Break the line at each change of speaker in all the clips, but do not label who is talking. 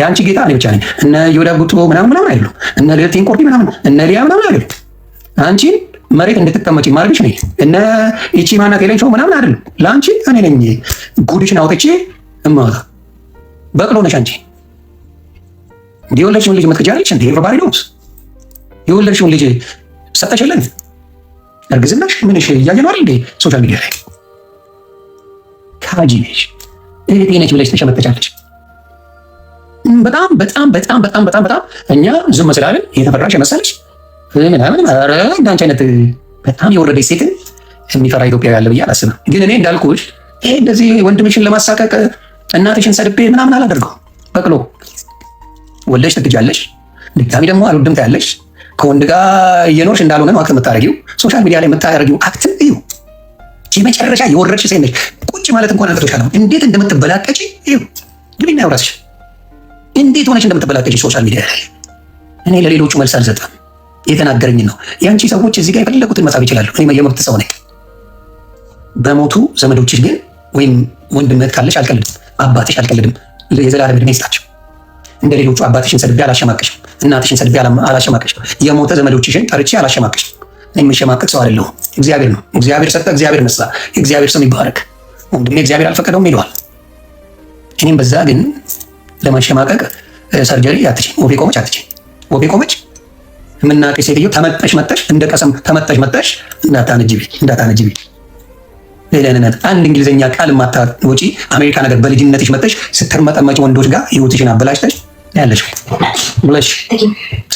የአንቺ ጌታ እኔ ብቻ ነኝ። እነ ዮዳብ ጉቶ ምናምን ምናምን አይደሉም። እነ ልዕልቴን ቆርቢ ምናምን እነ ሊያ ምናምን አይደሉም። አንቺን መሬት እንድትቀመጪ ማድረግሽ ነኝ። እነ እቺ ማናት የለኝ ሰው ምናምን አይደሉም። ለአንቺ እኔ ነኝ ጉድሽን አውጥቼ እማወጣ በቅሎ ነሽ አንቺ። የወለድሽውን ልጅ መትከጃለች እንደ ኤቨርባሪ ዶስ የወለድሽውን ልጅ ሰጠሽልን። እርግዝናሽ ምንሽ እያየ ነው እንዴ ሶሻል ሚዲያ ላይ ካጂ ነሽ እህቴ ነች ብለሽ ተሸመጠቻለች። በጣም በጣም በጣም በጣም በጣም በጣም እኛ ዝም ስላለን የተፈራሽ የመሰለች ምናምን እንዳንቺ አይነት በጣም የወረደች ሴትን የሚፈራ ኢትዮጵያ ያለ ብዬ አላስብም። ግን እኔ እንዳልኩሽ ይሄ እንደዚህ ወንድምሽን ለማሳቀቅ እናትሽን ሰድቤ ምናምን አላደርገው። በቅሎ ወልደሽ ትግጃለሽ፣ ድጋሚ ደግሞ አልወድም ታያለሽ። ከወንድ ጋር እየኖርሽ እንዳልሆነ ነው አክት የምታደርጊው። ሶሻል ሚዲያ ላይ የምታደርጊው አክት እዩ። የመጨረሻ የወረድሽ ሴት ነሽ። ቁጭ ማለት እንኳን አቅቶሻል። እንዴት እንደምትበላቀጪ እዩ። ግቢና ያውራስሽ እንዴት ሆነች እንደምትበላቀች ሶሻል ሚዲያ ላይ እኔ ለሌሎቹ መልስ አልሰጠም። የተናገረኝ ነው። የአንቺ ሰዎች እዚህ ጋር የፈለጉትን መጻፍ ይችላሉ። እኔ የመብት ሰው ነኝ። በሞቱ ዘመዶችሽ ግን ወይም ወንድምነት ካለሽ አልቀልድም፣ አባትሽ አልቀልድም። የዘላለም ዕድሜ ይስጣቸው። እንደ ሌሎቹ አባትሽን ሰድቤ አላሸማቀሽም፣ እናትሽን ሰድቤ አላሸማቀሽም፣ የሞተ ዘመዶችሽን ጠርቼ አላሸማቀሽም። እኔ የምሸማቀቅ ሰው አይደለሁም። እግዚአብሔር ነው። እግዚአብሔር ሰጠ፣ እግዚአብሔር ነሳ፣ እግዚአብሔር ስም ይባረክ። ወንድሜ እግዚአብሔር አልፈቀደውም ይለዋል። እኔም በዛ ግን ለመሸማቀቅ ሰርጀሪ አትችይም፣ ወቤ ቆመች አትችይም። ወቤ ቆመች የምናውቅሽ ሴትዮ ተመጠሽ መጠሽ እንደ ቀሰም ተመጠሽ መጠሽ እንዳታነጅቢ እንዳታነጅቢ ሌለንነት አንድ እንግሊዝኛ ቃል ማታወጪ አሜሪካ ነገር በልጅነትሽ መጠሽ ስትርመጠመጪ ወንዶች ጋር ህይወትሽን አበላሽተሽ ያለሽ ብለሽ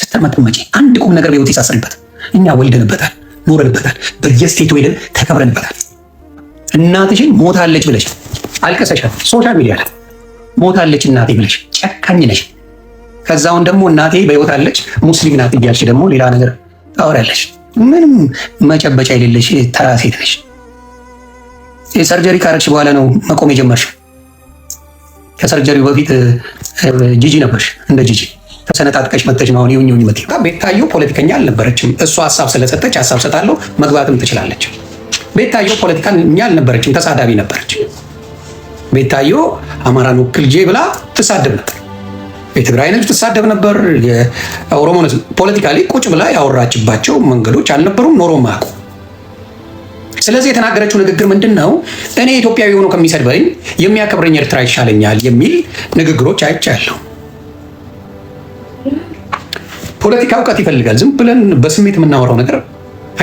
ስትርመጠመጪ አንድ ቁም ነገር በህይወት ይሳሰርበት። እኛ ወልደንበታል፣ ኖረንበታል፣ በየስቴቱ ሄደን ተከብረንበታል። እናትሽን ሞታለች ብለሽ አልቀሰሻል ሶሻል ሚዲያ ላይ ሞታለች እናቴ ብለሽ ጨካኝ ነሽ። ከዛውን ደግሞ እናቴ በሕይወት አለች ሙስሊም ናት እያልሽ ደግሞ ሌላ ነገር ታወሪያለሽ። ምንም መጨበጫ የሌለሽ ተራ ሴት ነሽ። የሰርጀሪ ካረግሽ በኋላ ነው መቆም የጀመርሽ። ከሰርጀሪው በፊት ጂጂ ነበርሽ። እንደ ጂጂ ተሰነጣጥቀሽ መጥተሽ ነው አሁን ይሁኝ መት ቤታዮ ፖለቲከኛ አልነበረችም። እሱ ሀሳብ ስለሰጠች ሀሳብ ሰጣለሁ መግባትም ትችላለች። ቤታዮ ፖለቲከኛ አልነበረችም፣ ተሳዳቢ ነበረች። ቤታዮ አማራን ወክል ጄ ብላ ትሳደብ ነበር። የትግራይ ህዝብ ትሳደብ ነበር። የኦሮሞ ፖለቲካሊ ቁጭ ብላ ያወራችባቸው መንገዶች አልነበሩም ኖሮ ማቁ። ስለዚህ የተናገረችው ንግግር ምንድን ነው? እኔ ኢትዮጵያዊ ሆኖ ከሚሰድበኝ የሚያከብረኝ ኤርትራ ይሻለኛል የሚል ንግግሮች አይቻለሁ። ፖለቲካ እውቀት ይፈልጋል። ዝም ብለን በስሜት የምናወራው ነገር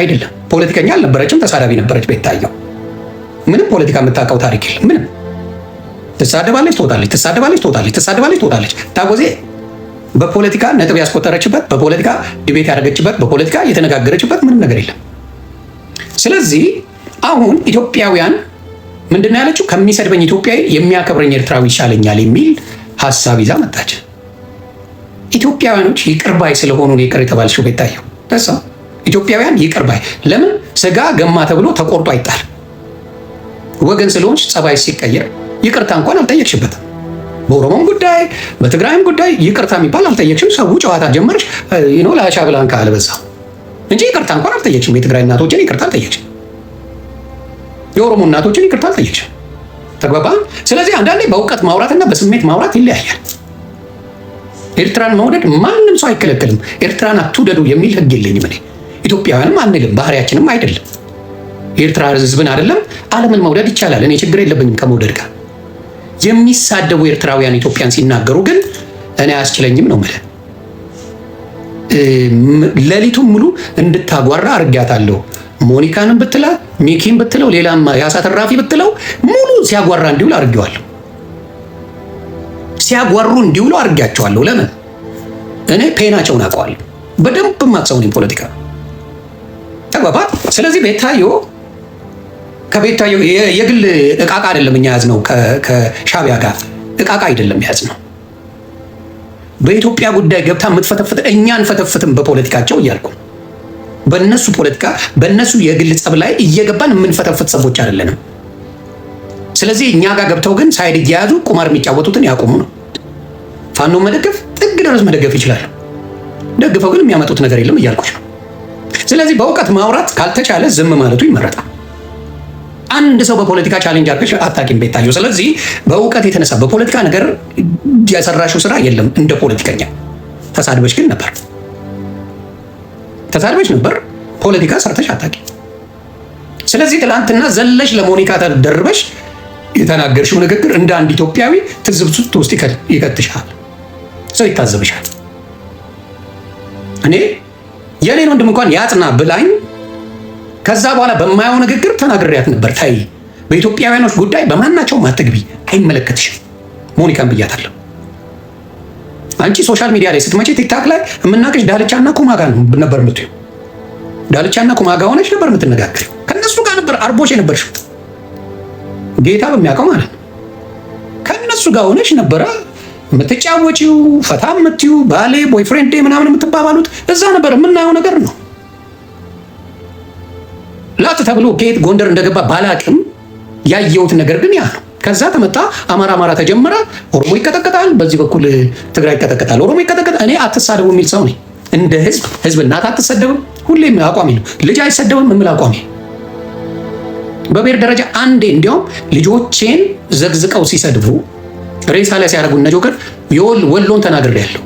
አይደለም። ፖለቲከኛ አልነበረችም፣ ተሳዳቢ ነበረች። ቤታየው ምንም ፖለቲካ የምታውቀው ታሪክ የለም ምንም ትሳደባለች፣ ትወጣለች፣ ትሳደባለች፣ ትወጣለች፣ ትሳደባለች፣ ትወጣለች። ታጎዜ በፖለቲካ ነጥብ ያስቆጠረችበት፣ በፖለቲካ ዲቤት ያደረገችበት፣ በፖለቲካ የተነጋገረችበት ምንም ነገር የለም። ስለዚህ አሁን ኢትዮጵያውያን ምንድን ነው ያለችው? ከሚሰድበኝ ኢትዮጵያዊ የሚያከብረኝ ኤርትራዊ ይሻለኛል የሚል ሀሳብ ይዛ መጣች። ኢትዮጵያውያኖች ይቅርባይ ስለሆኑ ነው ይቅር የተባልሽው ቤታየሁ። ተሳ ኢትዮጵያውያን ይቅርባይ ለምን ስጋ ገማ ተብሎ ተቆርጦ አይጣል? ወገን ስለሆንች ጸባይ ሲቀየር ይቅርታ እንኳን አልጠየቅሽበት። በኦሮሞም ጉዳይ በትግራይም ጉዳይ ይቅርታ የሚባል አልጠየቅሽም። ሰው ጨዋታ ጀመርሽ ነው ለአሻ ብላን ካለ በዛ እንጂ ይቅርታ እንኳን አልጠየቅሽም። የትግራይ እናቶችን ይቅርታ አልጠየቅሽም። የኦሮሞ እናቶችን ይቅርታ አልጠየቅሽም። ተግባባ። ስለዚህ አንዳንዴ በእውቀት ማውራትና በስሜት ማውራት ይለያያል። ኤርትራን መውደድ ማንም ሰው አይከለከልም። ኤርትራን አትውደዱ የሚል ህግ የለኝም እኔ። ኢትዮጵያውያንም አንልም፣ ባህሪያችንም አይደለም። የኤርትራ ህዝብን አይደለም ዓለምን መውደድ ይቻላል። እኔ ችግር የለብኝም ከመውደድ ጋር የሚሳደቡ ኤርትራውያን ኢትዮጵያን ሲናገሩ ግን እኔ አያስችለኝም ነው የምልህ። ሌሊቱን ሙሉ እንድታጓራ አድርጊያታለሁ። ሞኒካንም ብትላ ሚኪን ብትለው ሌላም ያሳ ተራፊ ብትለው ሙሉ ሲያጓራ እንዲውል አድርጌዋለሁ። ሲያጓሩ እንዲውሉ አድርጊያቸዋለሁ። ለምን እኔ ፔናቸውን አውቀዋለሁ። በደንብ ማቅሰውን ፖለቲካ ተግባባት። ስለዚህ ቤታዮ ከቤታየው የግል እቃቃ አይደለም እኛ ያዝ ነው። ከሻቢያ ጋር እቃቃ አይደለም ያዝ ነው። በኢትዮጵያ ጉዳይ ገብታ የምትፈተፍት እኛ አንፈተፍትም በፖለቲካቸው እያልኩ በእነሱ ፖለቲካ በእነሱ የግል ጸብ ላይ እየገባን የምንፈተፍት ሰዎች አይደለንም። ስለዚህ እኛ ጋር ገብተው ግን ሳይድ እየያዙ ቁማር የሚጫወቱትን ያቆሙ ነው። ፋኖ መደገፍ ጥግ ድረስ መደገፍ ይችላል ደግፈው ግን የሚያመጡት ነገር የለም እያልኩች ነው። ስለዚህ በእውቀት ማውራት ካልተቻለ ዝም ማለቱ ይመረጣል። አንድ ሰው በፖለቲካ ቻሌንጅ አድርገሽ አታውቂም ቤታዩ። ስለዚህ በእውቀት የተነሳ በፖለቲካ ነገር የሰራሽው ስራ የለም። እንደ ፖለቲከኛ ተሳድበሽ ግን ነበር፣ ተሳድበሽ ነበር። ፖለቲካ ሰርተሽ አታውቂም። ስለዚህ ትላንትና ዘለሽ ለሞኒካ ተደርበሽ የተናገርሽው ንግግር እንደ አንድ ኢትዮጵያዊ ትዝብት ውስጥ ይከትሻል። ሰው ይታዘብሻል። እኔ የኔን ወንድም እንኳን ያጥና ብላኝ ከዛ በኋላ በማየው ንግግር ተናግሬያት ነበር። ታይ በኢትዮጵያውያኖች ጉዳይ በማናቸውም አትግቢ፣ አይመለከትሽም። ሞኒካን ብያታለሁ። አንቺ ሶሻል ሚዲያ ላይ ስትመጪ ቲክታክ ላይ የምናውቅሽ ዳልቻና ኩማጋ ነበር የምትይው። ዳልቻና ኩማጋ ሆነሽ ነበር የምትነጋገር። ከነሱ ጋር ነበር አርቦሽ የነበርሽ፣ ጌታ በሚያውቀው ማለት ነው። ከነሱ ጋር ሆነሽ ነበረ የምትጫወጪው፣ ፈታ የምትዩ፣ ባሌ ቦይፍሬንድ ምናምን የምትባባሉት እዛ ነበር። የምናየው ነገር ነው። ላት ተብሎ ከየት ጎንደር እንደገባ ባላቅም ያየሁት ነገር ግን ያ ከዛ ተመጣ አማራ አማራ ተጀመረ። ኦሮሞ ይቀጠቀጣል፣ በዚህ በኩል ትግራይ ይቀጠቀጣል፣ ኦሮሞ ይቀጠቀጣል። እኔ አትሳደቡ የሚል ሰው ነኝ። እንደ ህዝብ ህዝብ እናት አትሰደብም፣ ሁሌም አቋሚ ነው። ልጅ አይሰደብም የምል አቋሚ በብሔር ደረጃ አንዴ እንዲያውም ልጆቼን ዘግዝቀው ሲሰድቡ ሬሳ ላይ ሲያደርጉ እነ ጆከር ወሎን ተናግሬያለሁ።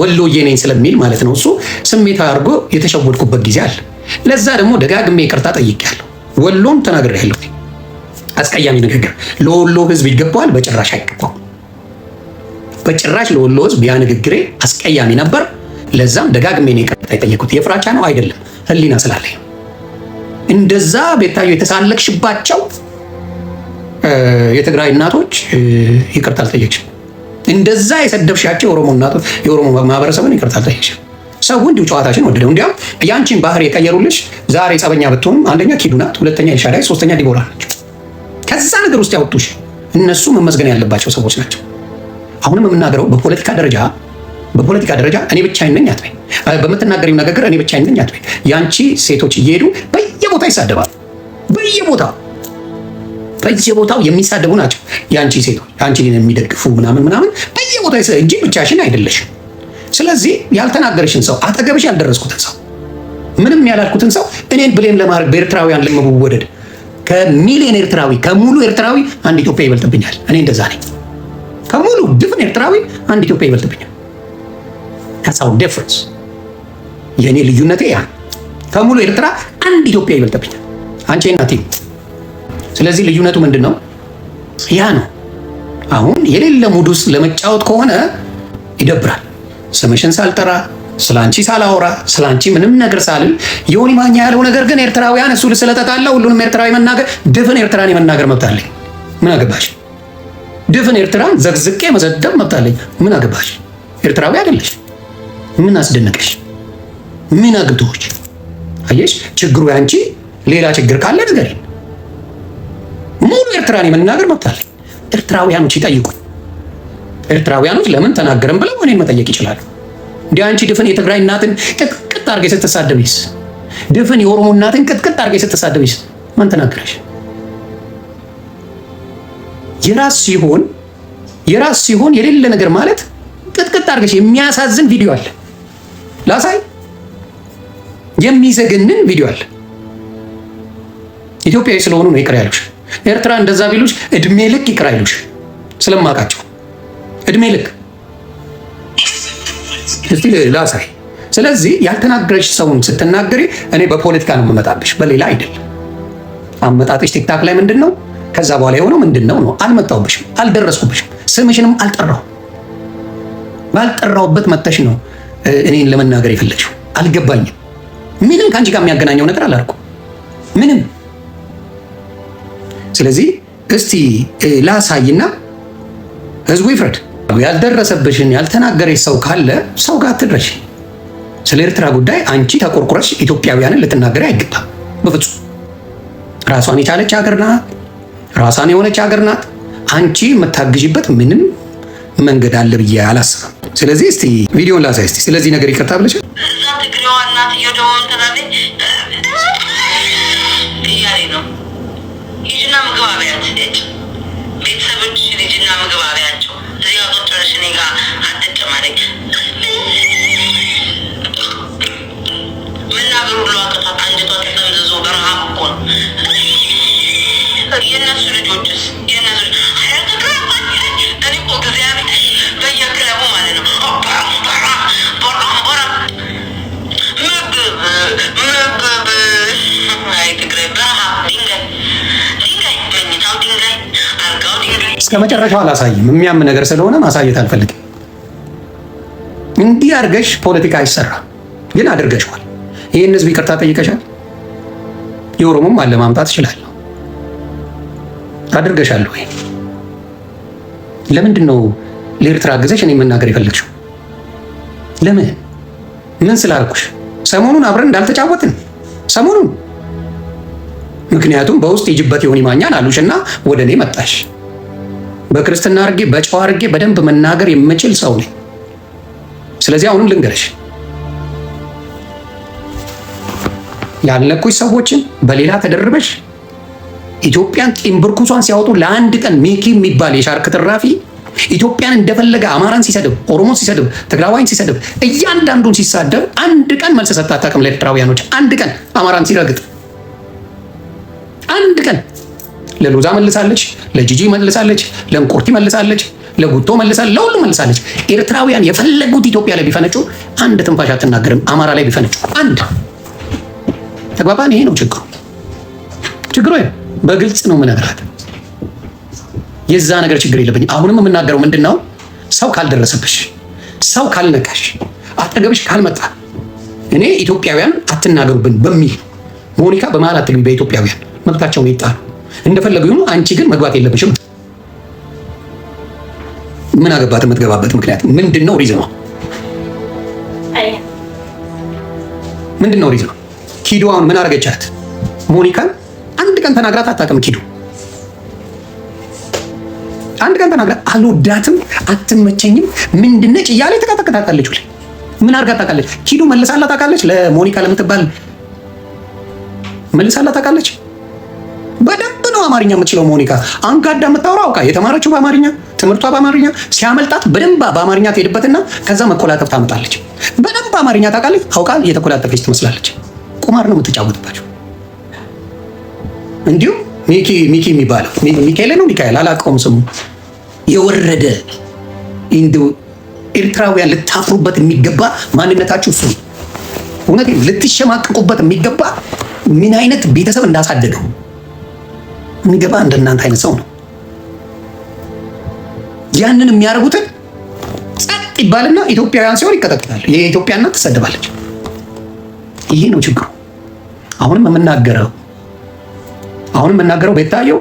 ወሎዬ ነኝ ስለሚል ማለት ነው። እሱ ስሜት አድርጎ የተሸወድኩበት ጊዜ አለ። ለዛ ደግሞ ደጋግሜ ይቅርታ ጠይቄያለሁ። ወሎም ተናግሬያለሁ። አስቀያሚ ንግግር ለወሎ ህዝብ ይገባዋል? በጭራሽ አይገባም። በጭራሽ ለወሎ ህዝብ ያ ንግግሬ አስቀያሚ ነበር። ለዛም ደጋግሜ ነው ይቅርታ የጠየቁት። የፍራቻ ነው አይደለም፣ ህሊና ስላለ እንደዛ ቤታዩ የተሳለቅሽባቸው የትግራይ እናቶች ይቅርታ አልጠየቅሽም። እንደዛ የሰደብሻቸው የኦሮሞ እናቶች የኦሮሞ ማህበረሰብን ይቅርታ አልጠየቅሽም። ሰው እንዲሁ ጨዋታችን ወደደው። እንዲያውም ያንቺን ባህሪ የቀየሩልሽ ዛሬ ጸበኛ ብትሆንም አንደኛ ኪዱ ናት፣ ሁለተኛ ኤልሻዳይ፣ ሶስተኛ ዲቦራ ናቸው። ከዛ ነገር ውስጥ ያወጡሽ እነሱ መመዝገን ያለባቸው ሰዎች ናቸው። አሁንም የምናገረው በፖለቲካ ደረጃ በፖለቲካ ደረጃ እኔ ብቻዬን ነኝ አትበይ። በምትናገሪው ንግግር እኔ ብቻዬን ነኝ አትበይ። ያንቺ ሴቶች እየሄዱ በየቦታ ይሳደባሉ። በየቦታው በየቦታው የሚሳደቡ ናቸው ያንቺ ሴቶች፣ አንቺን የሚደግፉ ምናምን ምናምን በየቦታ እንጂ ብቻሽን አይደለሽም። ስለዚህ ያልተናገረሽን ሰው አጠገብሽ ያልደረስኩትን ሰው ምንም ያላልኩትን ሰው እኔን ብሌም ለማድረግ በኤርትራውያን ለመወደድ ከሚሊዮን ኤርትራዊ ከሙሉ ኤርትራዊ አንድ ኢትዮጵያ ይበልጥብኛል። እኔ እንደዛ ነኝ። ከሙሉ ድፍን ኤርትራዊ አንድ ኢትዮጵያ ይበልጥብኛል። ከሰው ዲፍረንስ የእኔ ልዩነቴ ያ ከሙሉ ኤርትራ አንድ ኢትዮጵያ ይበልጥብኛል። አንቺ እናቴ። ስለዚህ ልዩነቱ ምንድን ነው? ያ ነው። አሁን የሌለ ሙድ ውስጥ ለመጫወት ከሆነ ይደብራል። ስምሽን ሳልጠራ ስለ አንቺ ሳላወራ ስለ አንቺ ምንም ነገር ሳልል ዮኒ ማኛ ያለው ነገር ግን ኤርትራውያን እሱ ስለተጣላ ሁሉንም ኤርትራዊ መናገር ድፍን ኤርትራን የመናገር መብት አለኝ። ምን አገባሽ? ድፍን ኤርትራን ዘግዝቄ መሰደብ መብት አለኝ። ምን አገባሽ? ኤርትራዊ አይደለሽ። ምን አስደነቀሽ? ምን አግብቶች? አየሽ፣ ችግሩ ያንቺ ሌላ ችግር ካለ ነገር ሙሉ ኤርትራን የመናገር መብት አለኝ። ኤርትራውያኖች ይጠይቁኝ። ኤርትራውያኖች ለምን ተናገርን ብለው እኔን መጠየቅ ይችላሉ። እንዲህ አንቺ ድፍን የትግራይ እናትን ቅጥቅጥ አድርገሽ ስትሳደብስ፣ ድፍን የኦሮሞ እናትን ቅጥቅጥ አድርገሽ ስትሳደብስ ማን ተናገረሽ? የራስ ሲሆን የራስ ሲሆን የሌለ ነገር ማለት ቅጥቅጥ አድርገሽ የሚያሳዝን ቪዲዮ አለ ላሳይ፣ የሚዘገንን ቪዲዮ አለ። ኢትዮጵያዊ ስለሆኑ ነው ይቅር ያሉሽ። ኤርትራ እንደዛ ቢሉሽ እድሜ ልክ ይቅር አይሉሽ ስለማውቃቸው እድሜ ልክ እስቲ ላሳይ። ስለዚህ ያልተናገረች ሰውን ስትናገሪ እኔ በፖለቲካ ነው የምመጣብሽ፣ በሌላ አይደለም። አመጣጥሽ ቲክታክ ላይ ምንድን ነው? ከዛ በኋላ የሆነው ምንድን ነው ነው? አልመጣሁብሽም፣ አልደረስኩብሽም፣ ስምሽንም አልጠራሁ። ባልጠራሁበት መተሽ ነው እኔን ለመናገር የፈለግሽው። አልገባኝም። ምንም ከአንቺ ጋር የሚያገናኘው ነገር አላልኩ፣ ምንም። ስለዚህ እስቲ ላሳይና ህዝቡ ይፍረድ። ያልደረሰብሽን ያልተናገረች ሰው ካለ ሰው ጋር አትድረሽ። ስለ ኤርትራ ጉዳይ አንቺ ተቆርቁረሽ ኢትዮጵያውያንን ልትናገሪ አይገባም በፍጹም። ራሷን የቻለች ሀገር ናት። ራሷን የሆነች ሀገር ናት። አንቺ የምታግዥበት ምንም መንገድ አለ ብዬ አላስብም። ስለዚህ እስቲ ቪዲዮን ላሳይ እስቲ። ስለዚህ ነገር ይቅርታ ብለሽ እዛ ትግሬዋ ነው ሂጂና ምግብ አብያት ልጅ እስከ መጨረሻው አላሳይም። የሚያም ነገር ስለሆነ ማሳየት አልፈልግም። እንዲህ አድርገሽ ፖለቲካ አይሰራ፣ ግን አድርገሽዋል። ይህን ህዝብ ይቅርታ ጠይቀሻል። የኦሮሞም አለ ማምጣት እችላለሁ። አድርገሻለሁ። ወይ? ለምንድን ነው ለኤርትራ አግዘሽ እኔ መናገር የፈለግሽው? ለምን ምን ስላልኩሽ? ሰሞኑን አብረን እንዳልተጫወትን ሰሞኑን ምክንያቱም በውስጥ የጅበት ይማኛል አሉሽ እና ወደ እኔ መጣሽ። በክርስትና አድርጌ በጨዋ አድርጌ በደንብ መናገር የምችል ሰው ነኝ። ስለዚህ አሁንም ልንገረሽ ያለኩሽ ሰዎችን በሌላ ተደርበሽ ኢትዮጵያን ጢምብርኩሷን ሲያወጡ ለአንድ ቀን ሜኪ የሚባል የሻርክ ትራፊ ኢትዮጵያን እንደፈለገ አማራን ሲሰድብ፣ ኦሮሞን ሲሰድብ፣ ትግራዋይን ሲሰድብ፣ እያንዳንዱን ሲሳደብ አንድ ቀን መልስ ሰጥታ አታውቅም። ለኤርትራውያኖች አንድ ቀን አማራን ሲረግጥ አንድ ቀን ለሎዛ መልሳለች፣ ለጂጂ መልሳለች፣ ለእንቁርቲ መልሳለች፣ ለጉቶ መልሳለች፣ ለሁሉ መልሳለች። ኤርትራውያን የፈለጉት ኢትዮጵያ ላይ ቢፈነጩ አንድ ትንፋሽ አትናገርም። አማራ ላይ ቢፈነጩ አንድ ተግባባን። ይሄ ነው ችግሩ። ችግሩ በግልጽ ነው የምነግራት። የዛ ነገር ችግር የለብኝ አሁንም የምናገረው ምንድን ነው፣ ሰው ካልደረሰብሽ፣ ሰው ካልነካሽ፣ አጠገብሽ ካልመጣ እኔ ኢትዮጵያውያን አትናገሩብን በሚል ሞኒካ በመሀል አትግቢ፣ በኢትዮጵያውያን መብታቸውን ይጣሉ። እንደፈለጉ ይሁኑ፣ አንቺ ግን መግባት የለብሽም። ምን አገባት? የምትገባበት ምክንያት ምንድን ነው? ሪዝኗ ምንድን ነው? ሪዝኗ ኪዱ አሁን ምን አረገቻት? ሞኒካን አንድ ቀን ተናግራት አታውቅም። ኪዱ አንድ ቀን ተናግራት አልወዳትም፣ አትመቸኝም፣ ምንድነች እያለ ተቀጠቅጣታለች። ምን አርጋ ታውቃለች? ኪዱ መልሳላ ታውቃለች? ለሞኒካ ለምትባል መልሳላ ታውቃለች በደንብ ነው አማርኛ የምትችለው ሞኒካ አንጋዳ የምታወራው አውቃ የተማረችው በአማርኛ ትምህርቷ በአማርኛ ሲያመልጣት በደንብ በአማርኛ ትሄድበትና ከዛ መኮላተፍ ታመጣለች። በደንብ አማርኛ ታውቃለች፣ አውቃ እየተኮላተፈች ትመስላለች። ቁማር ነው የምትጫወትባቸው። እንዲሁም ሚኪ ሚኪ የሚባለው ሚካኤል ነው ሚካኤል አላውቀውም ስሙ የወረደ እንዲሁ ኤርትራውያን ልታፍሩበት የሚገባ ማንነታችሁ እሱ እውነት ልትሸማቅቁበት የሚገባ ምን አይነት ቤተሰብ እንዳሳደገው የሚገባ እናንተ አይነት ሰው ነው። ያንን የሚያደርጉትን ጸጥ ይባልና ኢትዮጵያውያን ሲሆን ይቀጠቅጣሉ። የኢትዮጵያ እናት ትሰድባለች። ይሄ ነው ችግሩ። አሁንም የምናገረው አሁንም የምናገረው ቤታየው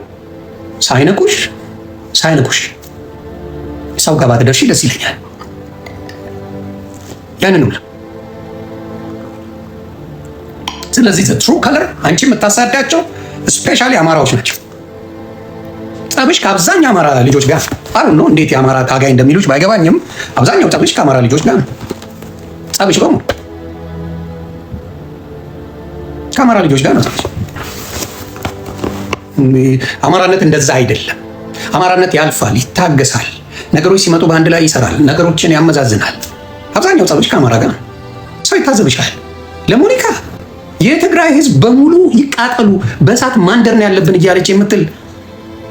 ሳይነኩሽ ሳይነኩሽ ሰው ጋር ባትደርሺ ደስ ይለኛል። ያንን ብለ ስለዚህ ትሩ ከለር አንቺ የምታሳዳቸው ስፔሻሊ አማራዎች ናቸው። ጠብሽ ከአብዛኛው አማራ ልጆች ጋር አሉ ነው። እንዴት የአማራ ታጋይ እንደሚሉች ባይገባኝም አብዛኛው ጠብሽ ከአማራ ልጆች ጋር ነው። ጠብሽ በሙሉ ከአማራ ልጆች ጋር ነው። አማራነት እንደዛ አይደለም። አማራነት ያልፋል፣ ይታገሳል። ነገሮች ሲመጡ በአንድ ላይ ይሰራል፣ ነገሮችን ያመዛዝናል። አብዛኛው ጸሎች ከአማራ ጋር ሰው ይታዘብሻል። ለሞኒካ የትግራይ ህዝብ በሙሉ ይቃጠሉ በእሳት ማንደር ነው ያለብን እያለች የምትል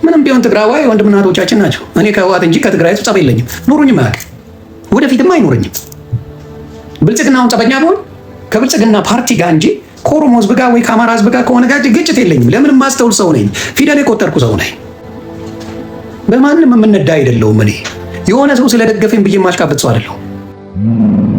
ምንም ቢሆን ትግራዋይ ወንድምና እህቶቻችን ናቸው። እኔ ከህወሓት እንጂ ከትግራይ ጸብ የለኝም፣ ኑሩኝም አያውቅም፣ ወደፊትም አይኖረኝም። ብልጽግናውን ጸበኛ ብሆን ከብልጽግና ፓርቲ ጋር እንጂ ከኦሮሞ ህዝብ ጋር ወይ ከአማራ ህዝብ ጋር ከሆነ ጋር ግጭት የለኝም። ለምንም ማስተውል ሰው ነኝ፣ ፊደል የቆጠርኩ ሰው ነኝ። በማንም የምነዳ አይደለውም። እኔ የሆነ ሰው ስለደገፈኝ ብዬ ማሽቃበት ሰው አይደለሁም።